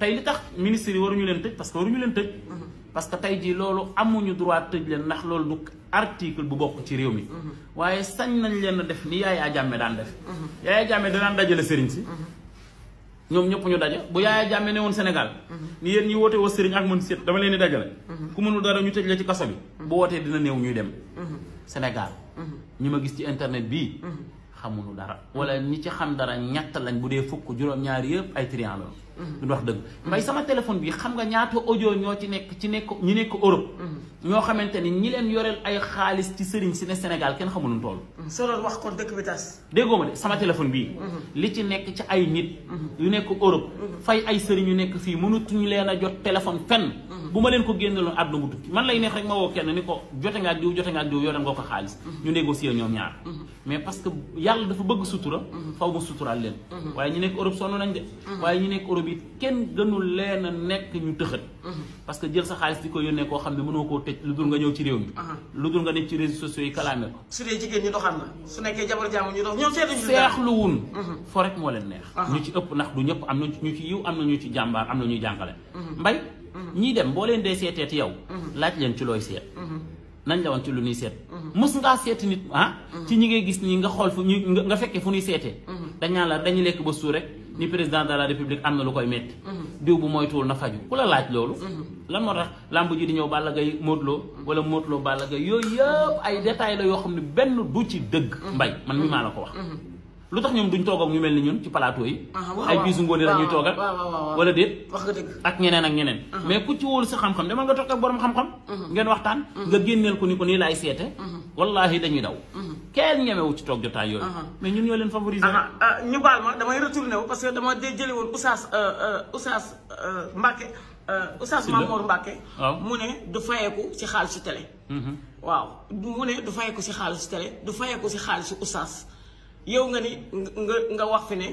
tey li tax ministre yi waruñu leen tëj parce que waruñu leen tëj mm-hmm. parce que tey jii loolu amuñu droit tëj leen ndax loolu du article bu bokk ci réew mi mm-hmm. waaye sañ nañ leen def ni Yaya Jammeh daan def mm-hmm. Yaya Jammeh danaan dajale sëriñ si ñoom ñëpp ñu daje bu Yaya jàmme ne woon Sénégal ni yéen ñi woote woo sëriñ ak mën seet dama leen di dajale ku mënul dara ñu tëj la ci kaso bi bu wootee dina néew ñuy dem Sénégal ñi ma gis ci internet bii xamuñu dara wala ñi ci xam dara ñett lañ bu dee fukk juróom-ñaari yëpp ay trian duñ wax dëgg mbay sama téléphone bi xam nga ñaata audio ñoo ci nekk ci nekk ñu nekk Europe mm-hmm. ñoo xamante ni ñi leen yoreel ay xaalis ci sëriñ si ne Sénégal kenn xamul nu toll mm-hmm. solo wax kon dëkk bi tas déggoo ma de sama téléphone bii mm-hmm. li ci nekk ci ay nit yu nekk Europe fay ay sëriñ yu nekk fii mënatuñu leen a jot téléphone fenn bu ma leen ko génneloon àdduna mu tukki man lay neex rek ma kenn ni ko jote nga ak diw jote nga ak diw yoreel nga ko xaalis ñu négocier ñoom ñaar mais parce que yàlla dafa bëgg sutura waaye ñu nekk Europe bi kenn gënul leen a nekk ñu tëxët parce que jël sa xaalis di ko yónnee koo xam ne mënoo koo tëj lu dul nga ñëw ci réew mi uh-huh. lu dul nga nekk ci réseaux sociaux yi kalaame ko su dee jigéen ñi doxaan na su nekkee jabar jàmm ñu dox ñoom seetuñu seexlu wun uh-huh. fo rek moo leen neex uh-huh. ñu ci ëpp ndax du ñëpp am na ñu ci yiw am na ñu ci jàmbaar am na ñu jàngale mbay ñii dem boo leen dee seeteeti yow laaj leen ci looy seet nañ la ci lu ñuy seet mës ngaa seeti nit ah ci ñi ngay gis nii nga xool fu ñu nga fekkee fu ñuy seetee dañaa la dañu lekk ba suur ni président de la république am na lu koy metti mhm. diw bu moytuwul na faju ku la laaj loolu mhm. lan moo tax làmb ji di ñëw Balla Gaye Modou Lo wala Modou Lo Balla Gaye yooyu yëpp ay détails la yoo xam ne benn du ci dëgg mhm. mbay man mi maa la ko wax lu tax ñoom duñ toog ak mel ni ñun ci plateau yi. ay biisu ngoone la ñuy toog ak. wala déet. wax nga dëgg ak ñeneen ak ñeneen. mais ku ci wóolu sa xam-xam demal nga toog ak borom xam-xam. ngeen waxtaan. nga génneel ko ni ko nii laay seete. wallaahi dañuy daw. kenn ñemewu ci toog jotaay yooyu. mais ñun ñoo leen favoriser. Ah, ñu baal ma damay retourné wu parce que dama de jëli woon Oustaz euh, euh, Oustaz euh, Mbacke. Oustaz Mamour Mbacke. mu ne du fayeeku ci xaalisu télé. waaw mu ne du fayeeku ci xaalis mhm. télé du fayeeku ci xaalisu Oustaz yow nga ni nga nga wax fi ne.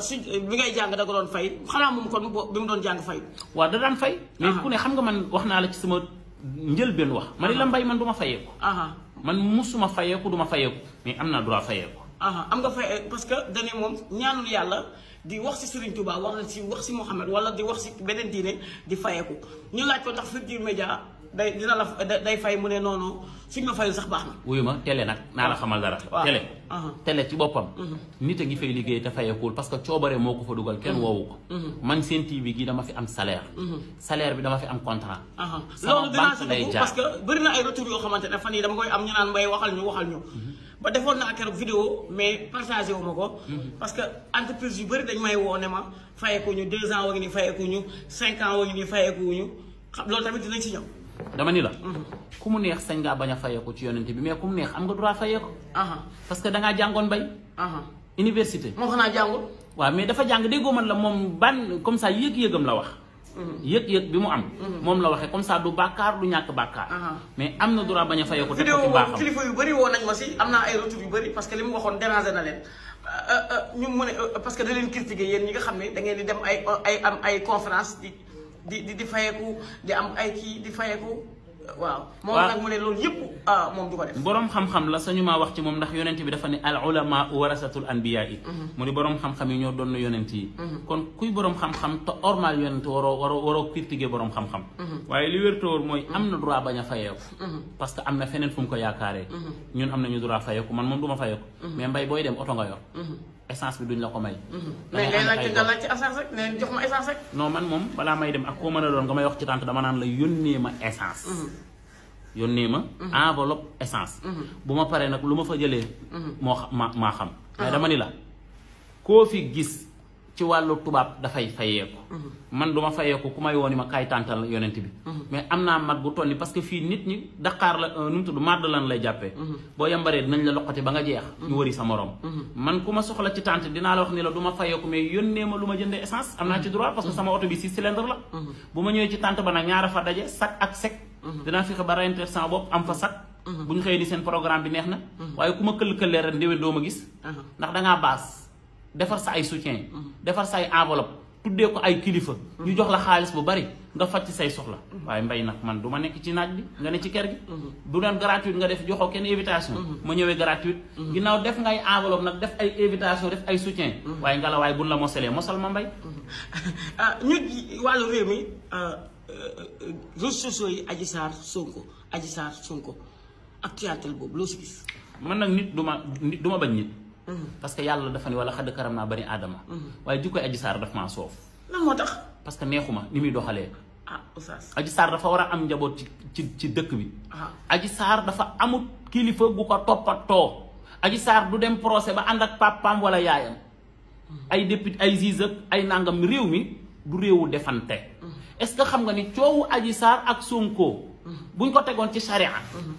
su bi ngay jàng da ko doon fay xanaa moom kon bi mu doon jàng fay. waaw da daan fay. mais ku ne xam nga man wax naa la ci sama njëlbeen wax. ma i la mbay man du ma fayee ko. man musuma fayeku duma fayeku fayeeku mais am droit fayeku aha am nga fay parce que dañe mom ñaanul yàlla di wax ci Serigne Touba wala ci wax ci mohammed wala di wax ci benen diine di fayeku ñu laj ko tax fi Futurs media day dina la day fay mu ne noonu suñ ma fayul sax baxna na. wuyu ma télé nak na la ah. xamal dara. Ah. télé. Uh-huh. télé ci bopam uh-huh. nit ngi fay liggéey ta fayekuul parce que coobare moko fa duggal kenn uh-huh. woowu ko. man sen TV gi dama fi am salaire. salaire bi dama fi am contrat. lolu banque lay parce que bari na ay retour yo xamantene fan yi dama koy am ñu naan mbay waxal ñu waxal ñu. ba defoon naa keroog vidéo mais partagé wu ma ko. parce que entreprise yu bëri dañ may woo ne ma fayeku ñu deux ans waa ngi nii fayeku ñu cinq ans waa ngi nii fayeku ñu xam loolu tamit dinañ ci ñëw. dama ni la. Mhm. ku mu neex sañ ngaa bañ a fayee ko ci yonent bi mais ku mu neex am nga droit fayee parce que da ngaa jàngoon bay. université. moo xanaa jàngul. waaw mais dafa jàng déggoo man la moom ban comme ça yëg-yëgam la wax. Mhm. bi mu am. Mhm. moom la waxee comme ça du bàkkaar du ñàkk bàkkaar. mais am na droit bañ a fayee ko. kilifa yu bëri woo nañ ma si am naa ay retour yu bëri parce que li mu waxoon déranger na leen. Euh, euh, ñu mu euh, parce que da leen critiquer yéen ñi nga xam ne da ngeen di dem ay ay am ay di di di fayeku di am ay di fayeku waaw moom nag mu ne loolu yëpp ah, moom du ko boroom xam-xam la sañu maa wax ci moom ndax yonent bi dafa ne al ulama warasatul anbiya yi mhm. mu ni boroom xam-xam yi ñoo doon na yonent yi mhm. kon kuy boroom xam-xam te ormal yonent waroo waroo waroo critiquer boroom xam-xam mhm. waaye li wér mooy am na droit bañ a fayeeku parce que am na feneen fu mu ko yaakaaree ñun am nañu droit fayeeku man moom du ma fayeeku mais mbay booy dem oto essence bi duñ la ko may. Mhm. mais nee a ci nga ci essence rek nee jox ma essence rek. non man moom balaa may dem ak koo mën a doon nga may wax ci tànt dama naan la yónnee ma essence. Mhm. yónnee ma. Mhm. enveloppe essence. bu ma paree nag lu ma fa jëlee. moo xam maa xam. mais ah. dama ni la koo fi gis. ci tubab da fay fayeku mhm. man duma fayeku kuma yoni ma kay tantal yonent bi mhm. mais amna mat bu toni ni parce que fi nit ñi dakar la euh, num mu tudd lan lay jappé mhm. bo yambaré la loxati ba nga jeex ñu wëri sa morom man kuma soxla ci tante dina la wax ni la duma fayeku mais ma essence am ci droit parce que sama auto bi six cylindre la buma ñëw ci tante ba nak ñaara fa dajé sac ak sec dina fi ba intéressant bop am fa sac buñ xey di sen programme bi neexna waye kuma keul ma rek ndewé gis uh-huh. ndax nga bass défar sa ay soutien defar say enveloppe tuddee ko ay kilifa ñu jox la xaalis bu bari nga faj ci say soxla waaye mbay nag man du ma nekk ci naaj bi nga ne ci kër gi bu doon gratuite nga def joxoo kenn invitation ma ñëwee gratuite ginnaaw def ngay enveloppe nag def ay invitation def ay soutien waaye ngelawaay la na buñ la mosalee mosal ma mbay ah ñu wàllu réew mi ah, euh, réseaux sociaux yi Adji Sarr Sonko Adji ko Sonko actualité boobu loo si gis man nag nit du nit du ma bañ nit Mm-hmm. parce que yàlla dafa ne wala xadd karam naa bani aadama mm-hmm. waaye jikkoy aji saar daf maa soof lan moo tax parce que neexuma ni muy doxalee ah oustaz aji saar dafa war a am njaboot ci ci ci dëkk bi aji ah. saar dafa amut kilifa gu ko toppatoo aji saar du dem procès ba ànd ak papaam wala yaayam mm-hmm. ay député ay juge ak ay nangam réew mi du réewu defante est-ce que xam nga ni coowu aji saar ak Sonko buñ ko tegoon ci charia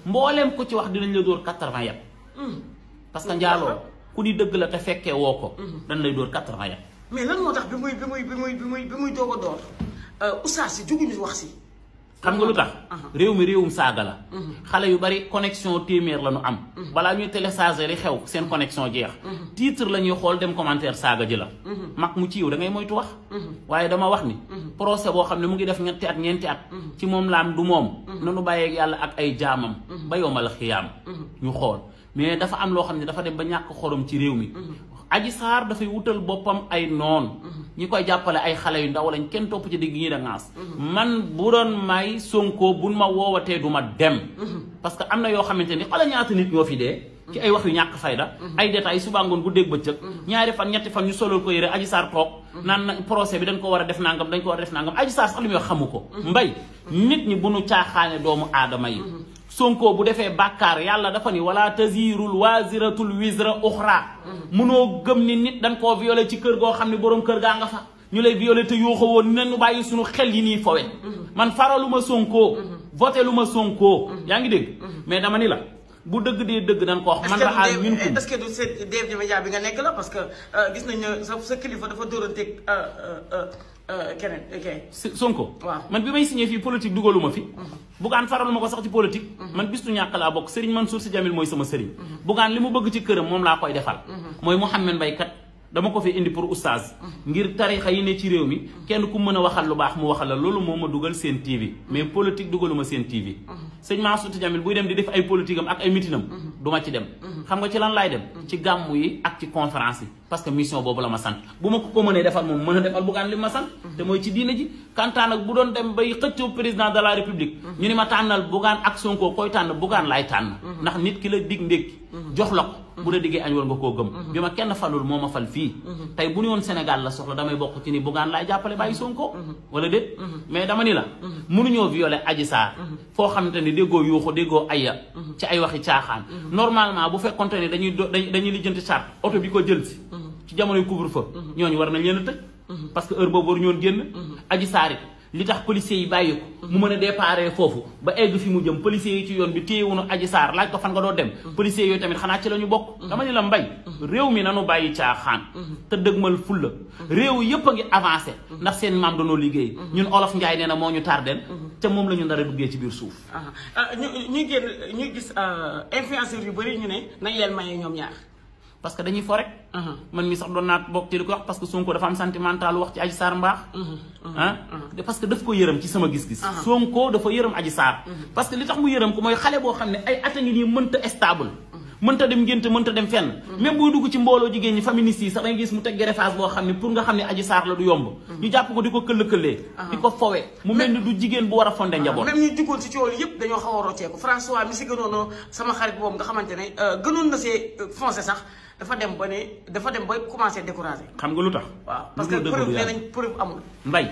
mboolem ko ci wax dinañ la dóor quatre-vingt yëpp parce que ku ni dëgg la te fekkee woo ko. Mhm. dañ lay dóor quatre vingt mais lan moo tax bi muy bi muy bi muy bi muy bi muy doog door euh, oustaz si juguñu wax si. xam nga lu tax. réew mi réewum saaga la. Mhm. xale yu bari connexion téeméer la ñu am. Mhm. balaa ñuy télécharger li xew seen connexion jeex. la ñuy xool dem commentaire saaga ji la. mag mu ci yow da ngay moytu wax. waaye dama wax ni. procès boo xam ne mu ngi def ñetti at ñeenti at. ci moom laam du moom. nanu bàyyeek yàlla ak ay jaamam. ba yombal xiyaam ñu xool. mais dafa am loo xam ne dafa dem ba ñàkk xorom ci réew mi mm-hmm. aji saar dafay wutal boppam ay noon mm-hmm. ñi koy jàppale ay xale yu ndaw lañ kenn topp ci digg ñi da ngaas mm-hmm. man bu doon may Sonko buñ ma woowatee du ma dem parce que am na yoo xamante ni xala ñaata nit ñoo fi dee ci ay wax yu ñàkk fayda ay détails suba ngoon guddeeg bëccëg ñaari fan ñetti fan ñu solol ko yére aji saar naan na procès bi dañ ko war a def nangam dañ ko def nangam aji saar sax li xamu ko mbay nit ñi bu nu caaxaane doomu aadama yi Sonko bu defé bàkkaar yàlla dafa ni wala tazirul waziratul wizra ukhra munoo gëm ni nit dañ ko violer ci kër go xamni borom kër ga nga fa ñu lay violer te yooxoo ni nañu bàyyi suñu xel yi ni fowe man faraluma Sonko voté luma Sonko ya ngi deg mais dama ni la bu deug de deug dañ ko wax man la aal min ko est-ce que du Dave Ndiaye bi nga nek la parce que gis nañu sa kilifa dafa euh euh Euh, keneen keneen. Sonko. waaw man bi may signé fii politique dugaluma fi. Mhm. Bougane faral ma ko sax ci politique. Mhm. man bis du ñàkk laa bokk Serigne Mansour Sy Djamil mooy sama Serigne. Mhm. Bougane li mu bëgg ci këram moom laa koy defal. mooy Mouhamed Mbaye kat. dama ko fi indi pour oustaz ngir tarixa yi ne ci réew mi kenn ku mën a waxal lu baax mu waxal la loolu moo ma dugal seen TV mais politique dugaluma seen TV sëñ Mansour Jamil buy dem di def ay politique am ak ay mitinam du ma ci dem xam nga ci lan laay dem ci gàmmu yi ak ci conférence yi parce que mission boobu la ma sant bu ma ko ko mënee defal moom mën a defal bugaan li ma sant te mooy ci diina ji kantaan ak bu doon dem bay xëccoo président de la république ñu ni ma tànnal bugaan ak Sonko koy tànn bugaan laay tànn ndax nit ki la dig ndékki jox la bu la diggee añ war nga koo gëm mhm. bi ma kenn falul moo ma fal fii mhm. tey bu ñu woon Sénégal la soxla damay bokk ci ni Bougane laay jàppale bàyyi mhm. Sonko wala déet mais dama ni la mënuñoo violer Adji Sarr foo xamante ni déggoo yuuxu déggoo aya ci ay waxi caaxaan normalement bu fekkonte ne dañuy dañuy lijjanti charte oto bi ko jël si ci jamonoy couvre-feu ñooñu war nañ leen a tëj parce que heure génn Adji Sarr li tax policiers yi bàyyi ko mu mën a déparé foofu ba egg fi mu jëm policiers yi ci yoon bi téyewunu aji saar laaj ko fan nga doo dem policiers yooyu tamit xanaa ci la ñu bokk dama ni la mbay réew mi nanu bàyyi caaxaan te mal fulla réew yëpp a ngi avancé ndax seen maam danoo liggéey ñun olof njaay nee na moo ñu tardeel te moom la ñu nar a ci biir suuf ah, ah, ñu ñu génn ñu gis euh, influenceurs yu bëri ñu ne nañ leen maye ñoom ñaar parce que dañuy fo rek. Uh-huh. man mi sax doon naa bokk ci li ko wax parce que Sonko dafa am sentimental wax ci Adji Sarr mbaax. Uh-huh. Uh-huh. Ah? parce que daf ko yërëm ci sama gis-gis. Sonko dafa yërëm Adji Sarr. parce que li tax mu yërëm ko mooy xale boo xam ne ay at a ngi nii mënta stable. mënta dem ngénte mënta dem fenn. même buy dugg ci mbooloo jigéen ñi féministes yi sax da ngay gis mu teg gerefaas boo xam ne pour nga xam ne Adji Sarr la du yomb. ñu jàpp ko di ko mel jigéen bu war a fonde njaboot. même ñu duggoon ci coow a rocceeku ne euh, gënoon na see euh, foncé dafa dem ba ne dafa dem ba commencé découragé. xam nga lu tax. waaw parce que preuve nee nañ preuve amul. mbay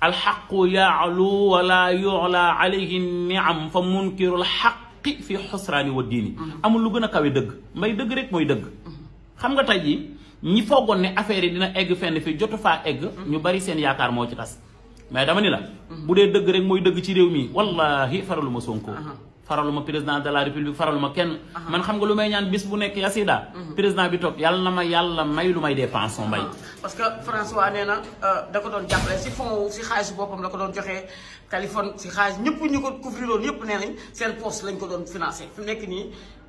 alxaqu yaalu wala yuxla alayhi niam fa munkiru alxaqi fi xusraani wa diini. Mhm. amul lu gën a kawe dëgg. mbay dëgg rek mooy dëgg. Mhm. xam nga tey jii ñi foogoon ne affaire yi dina egg fenn fi jotu faa egg. Mhm. ñu bari seen yaakaar moo ci tas. mais dama ni la. bu dee dëgg rek mooy dëgg ci réew mi wallahi faralu ma Sonko. faraluma président de la république faraluma kenn. man xam nga lu may ñaan bis bu nekk yasida mhm. président bi toog yàlla na ma yàlla may lu may dépense mbay. parce que François nee na euh, da ko doon jàppale si fond si xaalis boppam la ko doon joxe Californie si xaalis ñëpp ñu ko couvrir loon ñëpp nee nañ seen poste lañ ko doon financé fi mu nekk nii.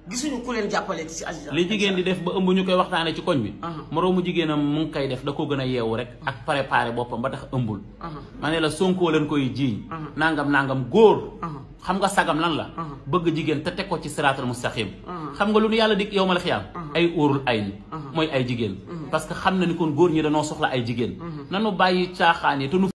gisuñu ku leen jàppale ci agriculture li jigéen di def ba ëmb ñu koy waxtaanee ci koñ bi. moroomu jigéenam mu ngi koy def da koo gën a yeewu rek. ak préparé boppam ba tax ëmbul. ma ne la sonkoo leen koy jiiñ. nangam nangam góor. xam nga sagam lan la. bëgg jigéen te teg ko ci siraatal mustaqim xam nga lu nu yàlla dik yow ma la xiyaam. ay óorul ay ni mooy ay jigéen. parce que xam na ni kon góor ñi danoo soxla ay jigéen. nanu bàyyi caaxaan yi te nu